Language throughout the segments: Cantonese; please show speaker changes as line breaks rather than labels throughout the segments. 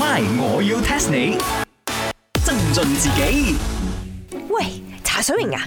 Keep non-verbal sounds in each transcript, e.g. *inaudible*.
My，我要 test 你，增進自己。喂，查水明啊，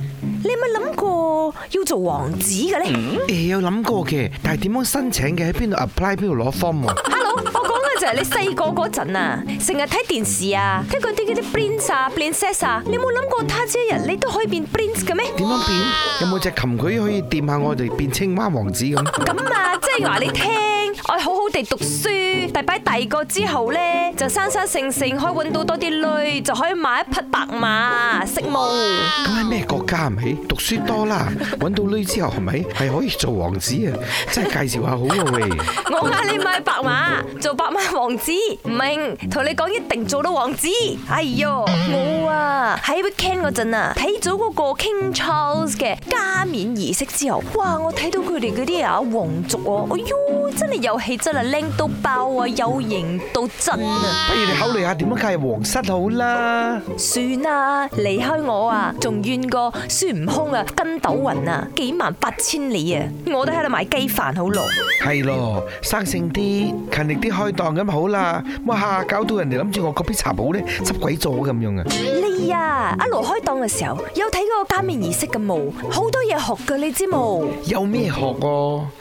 你有冇諗過要做王子嘅咧？誒、嗯欸，有諗過嘅，但係點樣申請嘅？喺邊度 apply？邊度攞 form？Hello，
我講嘅就係你細個嗰陣啊，成日睇電視啊，睇嗰啲嗰啲 princess princess 啊，你冇諗過他朝一日你都可以變 prince 嘅咩？點樣變？
有冇隻琴佢可以掂下我哋變青蛙王子咁？
咁啊，即係話你聽。我好好地讀書，大伯大個之後咧，就生生性性可以揾到多啲累，就可以買一匹白馬，實現夢。哇
加唔起，讀書多啦。揾到女之後係咪係可以做王子啊？真係介紹下好喎喂！ *laughs*
我嗌你買白馬， *laughs* 做白馬王子。唔明，同你講一定做到王子。哎呦，冇啊喺 Weekend 嗰陣啊，睇咗嗰個 King Charles 嘅加冕儀式之後，哇！我睇到佢哋嗰啲啊皇族喎、啊，哎呦，真係有氣質啦，靚到爆啊，有型到真啊！
*laughs* 不如你考慮下點樣介入皇室好啦？算啦，離開我啊，
仲怨過～孫悟空啊，筋斗雲啊，幾萬八千里啊，我都喺度買雞飯好咯。
係咯，生性啲，勤力啲，開檔咁好啦。哇，搞到人哋諗住我嗰邊茶鋪咧執鬼座咁樣啊！
你啊，一路開檔嘅時候，有睇過加冕儀式嘅冇？好多嘢學噶，你知冇？有咩
學？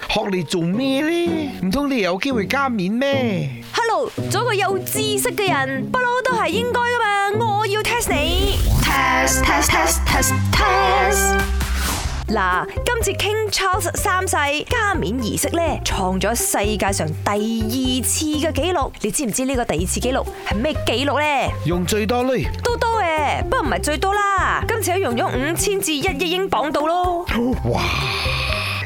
學你做咩咧？唔通你有機會加冕咩？
做一個有知識嘅人，不嬲都係應該噶嘛。我要 test 你。test test test test test。嗱、啊，今次 King Charles 三世加冕儀式咧，創咗世界上第二次嘅紀錄。你知唔知呢個第二次紀錄係咩紀錄
咧？用最多呢？
都多誒，不過唔係最多啦。今次用咗五千至一億英鎊到咯。哇！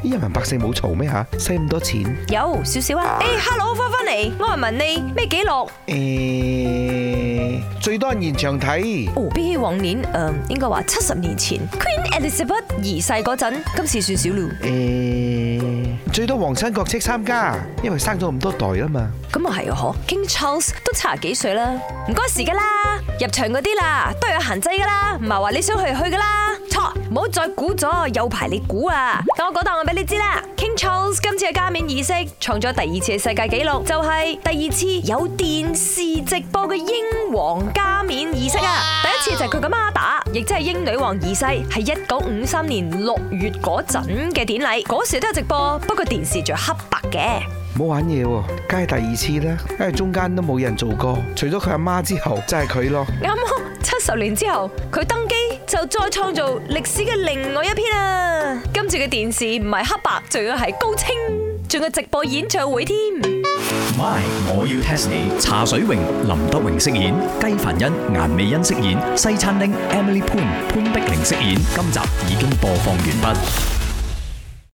人民百姓冇嘈咩吓，使咁多錢？
有少少啊！誒、hey,，Hello，返返嚟，我係問你咩紀錄？誒、欸，
最多係現場睇。哦，比
起往年，誒，應該話七十年前 Queen Elizabeth 二世嗰陣，今次
算少了。誒、欸，最多皇親國戚參加，因為生咗咁多代啊嘛。咁啊係啊，嗬
，King Charles 都七十幾歲啦，唔該時噶啦，入場嗰啲啦都有限制噶啦，唔係話你想去就去噶啦。唔好、oh, 再估咗，有排你估啊！等我講答案俾你知啦，King Charles 今次嘅加冕儀式創咗第二次嘅世界紀錄，就係、是、第二次有電視直播嘅英皇加冕儀式啊！Wow. 第一次就係佢阿媽打，亦即係英女王二世，係一九五三年六月嗰陣嘅典禮，嗰時都有直播，不過電視仲黑白嘅。
唔好玩嘢喎，梗係第二次啦，因為中間都冇人做過，除咗佢阿媽之後，就係佢咯。
啱。 *laughs* *laughs* 十年之後，佢登基就再創造歷史嘅另外一篇喇！今次嘅電視唔係黑白，仲要係高清，仲有直播演唱會添。My，我要 TEST 你。茶水榮、林德榮飾演，雞凡恩、顏美欣飾演，西餐廳 Emily 潘潘碧玲飾演。今集已經播放完畢。